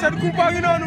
seen kumpa ngi noonu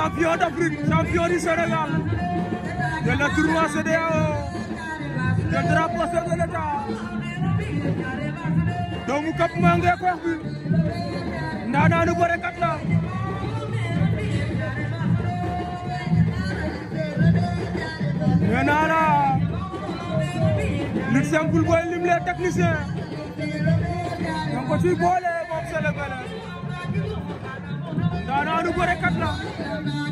champion d'Afrique champion du Sénégal de la tournoi CEDEAO de drapeau chef de l'État doomu Cap Mangué bi ndaanaanu bërekat la nee naa la lutte simple booy lim les techniciens donc ko boole moom c'est le daanaanu bërekat la